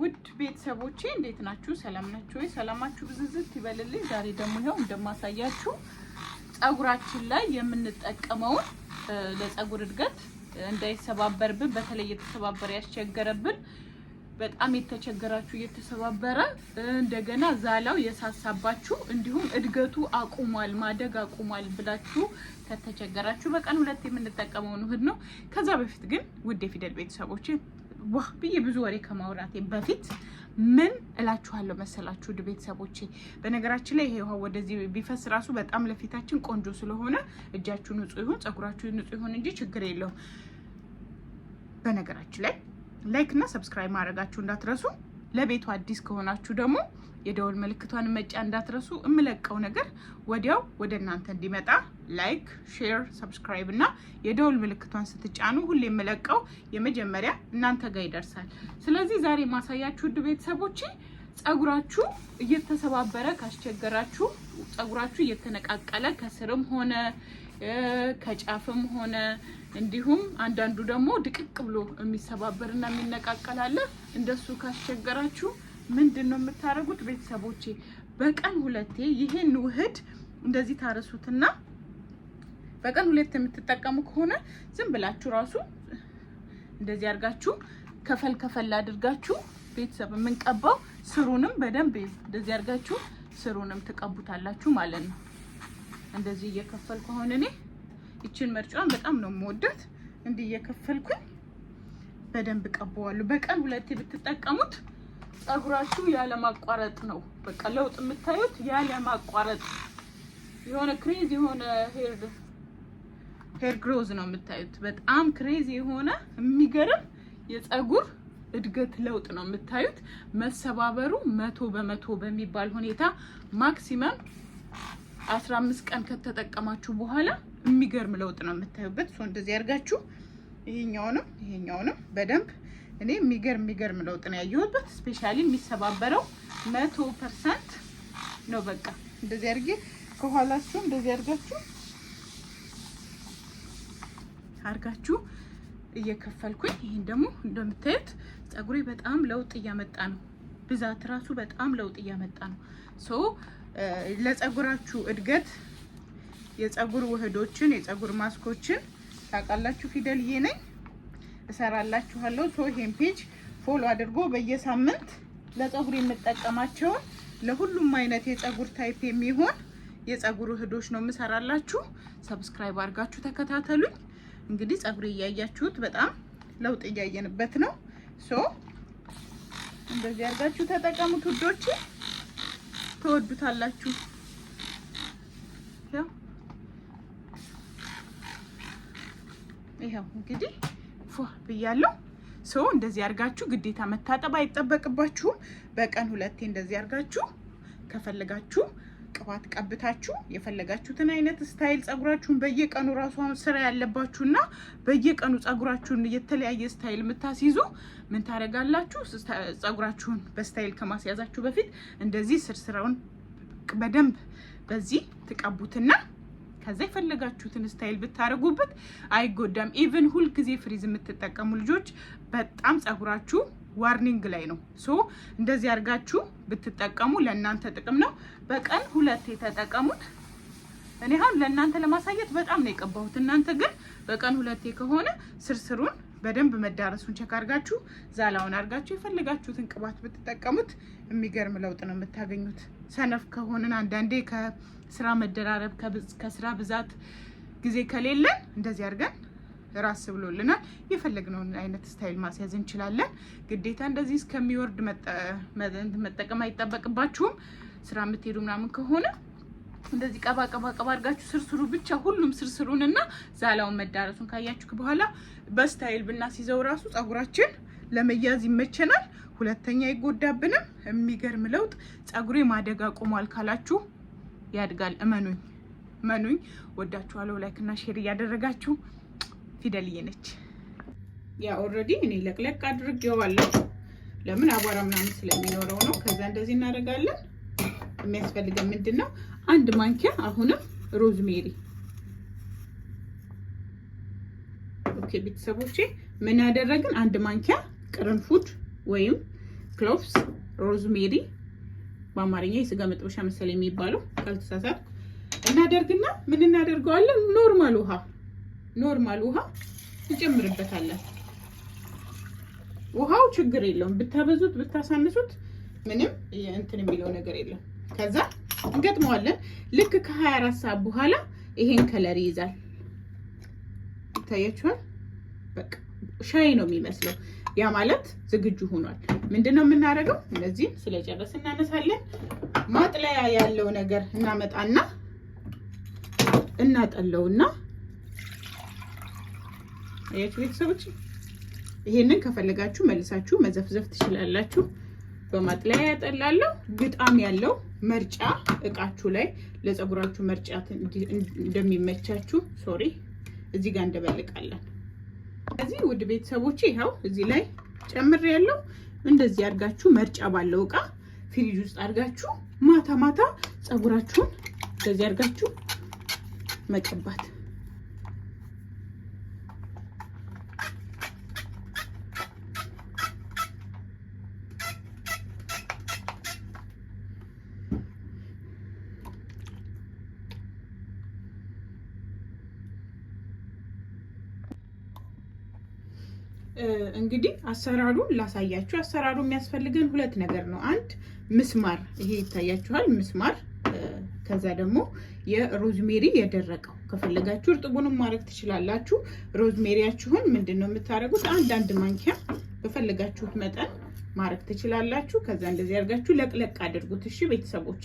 ውድ ቤተሰቦቼ እንዴት ናችሁ? ሰላም ናችሁ ወይ? ሰላማችሁ ብዝዝት ይበልልኝ። ዛሬ ደግሞ ይኸው እንደማሳያችሁ ፀጉራችን ላይ የምንጠቀመውን ለፀጉር እድገት እንዳይሰባበርብን በተለይ እየተሰባበረ ያስቸገረብን በጣም የተቸገራችሁ እየተሰባበረ እንደገና ዛላው የሳሳባችሁ እንዲሁም እድገቱ አቁሟል ማደግ አቁሟል ብላችሁ ከተቸገራችሁ በቀን ሁለት የምንጠቀመውን ውህድ ነው። ከዛ በፊት ግን ውድ የፊደል ቤተሰቦችን ዋህ ብዬ ብዙ ወሬ ከማውራቴ በፊት ምን እላችኋለሁ መሰላችሁ? ውድ ቤተሰቦቼ፣ በነገራችን ላይ ይሄ ውሃ ወደዚህ ቢፈስ ራሱ በጣም ለፊታችን ቆንጆ ስለሆነ እጃችሁ ንጹህ ይሁን፣ ጸጉራችሁ ንጹህ ይሁን እንጂ ችግር የለውም። በነገራችን ላይ ላይክ እና ሰብስክራይብ ማድረጋችሁ እንዳትረሱ። ለቤቱ አዲስ ከሆናችሁ ደግሞ የደወል ምልክቷን መጫ እንዳትረሱ። የምለቀው ነገር ወዲያው ወደ እናንተ እንዲመጣ ላይክ፣ ሼር፣ ሰብስክራይብ እና የደወል ምልክቷን ስትጫኑ ሁሌ የምለቀው የመጀመሪያ እናንተ ጋር ይደርሳል። ስለዚህ ዛሬ ማሳያችሁ ውድ ቤተሰቦቼ ጸጉራችሁ እየተሰባበረ ካስቸገራችሁ ጸጉራችሁ እየተነቃቀለ ከስርም ሆነ ከጫፍም ሆነ እንዲሁም አንዳንዱ ደግሞ ድቅቅ ብሎ የሚሰባበርና የሚነቃቀላለ እንደሱ ካስቸገራችሁ ምንድን ነው የምታደርጉት? ቤተሰቦቼ በቀን ሁለቴ ይህን ውህድ እንደዚህ ታረሱትና በቀን ሁለት የምትጠቀሙ ከሆነ ዝም ብላችሁ ራሱ እንደዚህ አድርጋችሁ ከፈል ከፈል አድርጋችሁ ቤተሰብ የምንቀባው ስሩንም በደንብ እንደዚህ አድርጋችሁ ስሩንም ትቀቡታላችሁ ማለት ነው። እንደዚህ እየከፈልኩ አሁን እኔ ይችን መርጫዋን በጣም ነው የምወዳት። እንዲህ እየከፈልኩኝ በደንብ ቀባዋለሁ። በቀን ሁለቴ ብትጠቀሙት ጸጉራችሁ ያለ ማቋረጥ ነው በቃ ለውጥ የምታዩት ያለ ማቋረጥ የሆነ ክሬዚ የሆነ ሄር ሄር ግሮዝ ነው የምታዩት። በጣም ክሬዚ የሆነ የሚገርም የጸጉር እድገት ለውጥ ነው የምታዩት። መሰባበሩ መቶ በመቶ በሚባል ሁኔታ ማክሲመም 15 ቀን ከተጠቀማችሁ በኋላ የሚገርም ለውጥ ነው የምታዩበት። ሶ እንደዚህ ያርጋችሁ ይሄኛውንም ይሄኛውንም በደንብ እኔ የሚገርም የሚገርም ለውጥ ነው ያየሁበት። ስፔሻሊ የሚሰባበረው መቶ ፐርሰንት ነው። በቃ እንደዚህ አርጌ ከኋላችሁ እንደዚህ አርጋችሁ አርጋችሁ እየከፈልኩኝ ይህን ደግሞ እንደምታዩት ጸጉሬ በጣም ለውጥ እያመጣ ነው። ብዛት ራሱ በጣም ለውጥ እያመጣ ነው። ሶ ለጸጉራችሁ እድገት የጸጉር ውህዶችን የጸጉር ማስኮችን ታውቃላችሁ። ፊደልዬ ነኝ እሰራላችኋለሁ። ሶ ይሄን ፔጅ ፎሎ አድርጎ በየሳምንት ለጸጉር የምጠቀማቸውን ለሁሉም አይነት የጸጉር ታይፕ የሚሆን የጸጉር ውህዶች ነው የምሰራላችሁ። ሰብስክራይብ አድርጋችሁ ተከታተሉኝ። እንግዲህ ጸጉሬ እያያችሁት በጣም ለውጥ እያየንበት ነው። ሶ እንደዚህ አድርጋችሁ ተጠቀሙት ውዶች፣ ትወዱታላችሁ። ይኸው እንግዲህ ፏ ብያለሁ። ሶ እንደዚህ አድርጋችሁ ግዴታ መታጠብ አይጠበቅባችሁም። በቀን ሁለቴ እንደዚህ አድርጋችሁ ከፈለጋችሁ ቅባት ቀብታችሁ የፈለጋችሁትን አይነት ስታይል ጸጉራችሁን በየቀኑ ራሱ አሁን ስራ ያለባችሁና በየቀኑ ጸጉራችሁን የተለያየ ስታይል የምታስይዙ ምን ታደርጋላችሁ? ጸጉራችሁን በስታይል ከማስያዛችሁ በፊት እንደዚህ ስርስራውን በደንብ በዚህ ትቀቡትና ከዛ የፈለጋችሁትን ስታይል ብታደርጉበት አይጎዳም። ኢቨን ሁልጊዜ ፍሪዝ የምትጠቀሙ ልጆች በጣም ጸጉራችሁ ዋርኒንግ ላይ ነው። ሶ እንደዚህ አድርጋችሁ ብትጠቀሙ ለእናንተ ጥቅም ነው። በቀን ሁለት የተጠቀሙት እኔ አሁን ለእናንተ ለማሳየት በጣም ነው የቀባሁት። እናንተ ግን በቀን ሁለቴ ከሆነ ስርስሩን በደንብ መዳረሱን ቸክ አድርጋችሁ ዛላውን አድርጋችሁ የፈለጋችሁትን ቅባት ብትጠቀሙት የሚገርም ለውጥ ነው የምታገኙት። ሰነፍ ከሆንን አንዳንዴ ከስራ መደራረብ ከስራ ብዛት ጊዜ ከሌለን እንደዚህ አድርገን ራስ ብሎልናል። የፈለግነውን አይነት ስታይል ማስያዝ እንችላለን። ግዴታ እንደዚህ እስከሚወርድ መጠቀም አይጠበቅባችሁም። ስራ የምትሄዱ ምናምን ከሆነ እንደዚህ ቀባ ቀባ ቀባ አድርጋችሁ ስርስሩ ብቻ ሁሉም ስርስሩን እና ዛላውን መዳረሱን ካያችሁ በኋላ በስታይል ብናስይዘው ራሱ ጸጉራችን ለመያዝ ይመቸናል። ሁለተኛ አይጎዳብንም። የሚገርም ለውጥ ጸጉሬ ማደግ አቁሟል ካላችሁ ያድጋል። እመኑኝ እመኑኝ። ወዳችኋለሁ። ላይክ እና ሼር እያደረጋችሁ ፊደልዬ ነች። ያ ኦልሬዲ እኔ ለቅለቅ አድርጌዋለሁ። ለምን አቧራ ምናምን ስለሚኖረው ነው። ከዛ እንደዚህ እናደርጋለን። የሚያስፈልገን ምንድን ነው? አንድ ማንኪያ አሁንም ሮዝሜሪ። ኦኬ ቤተሰቦቼ ምን ያደረግን? አንድ ማንኪያ ቅርንፉድ ወይም ክሎቭስ፣ ሮዝሜሪ በአማርኛ የስጋ መጥበሻ መሰል የሚባለው ካልተሳሳት እናደርግና ምን እናደርገዋለን? ኖርማል ውሃ ኖርማል ውሃ ትጨምርበታለን። ውሃው ችግር የለውም ብታበዙት ብታሳንሱት ምንም እንትን የሚለው ነገር የለም። ከዛ እንገጥመዋለን። ልክ ከ24 ሰዓት በኋላ ይሄን ከለር ይይዛል። ይታያችኋል። በቃ ሻይ ነው የሚመስለው። ያ ማለት ዝግጁ ሆኗል። ምንድነው የምናደርገው? እነዚህም ስለጨረስ እናነሳለን። ማጥለያ ያለው ነገር እናመጣና እናጠለውና አያችሁ ቤተሰቦች፣ ይሄንን ከፈለጋችሁ መልሳችሁ መዘፍዘፍ ትችላላችሁ። በማጥለያ ያጠላለሁ። ግጣም ያለው መርጫ እቃችሁ ላይ ለፀጉራችሁ መርጫ እንደሚመቻችሁ ሶሪ፣ እዚህ ጋር እንደበልቃለን። እዚህ ውድ ቤተሰቦች ይኸው እዚህ ላይ ጨምር ያለው እንደዚህ አድርጋችሁ መርጫ ባለው እቃ ፍሪጅ ውስጥ አድርጋችሁ ማታ ማታ ፀጉራችሁን እንደዚህ አድርጋችሁ መቀባት እንግዲህ አሰራሩን ላሳያችሁ። አሰራሩ የሚያስፈልገን ሁለት ነገር ነው። አንድ ምስማር፣ ይሄ ይታያችኋል፣ ምስማር። ከዛ ደግሞ የሮዝሜሪ የደረቀው ከፈለጋችሁ እርጥቡንም ማድረግ ትችላላችሁ። ሮዝሜሪያችሁን ምንድን ነው የምታደርጉት? አንድ አንድ ማንኪያ በፈለጋችሁት መጠን ማድረግ ትችላላችሁ። ከዛ እንደዚህ አድርጋችሁ ለቅለቅ አድርጉት። እሺ ቤተሰቦች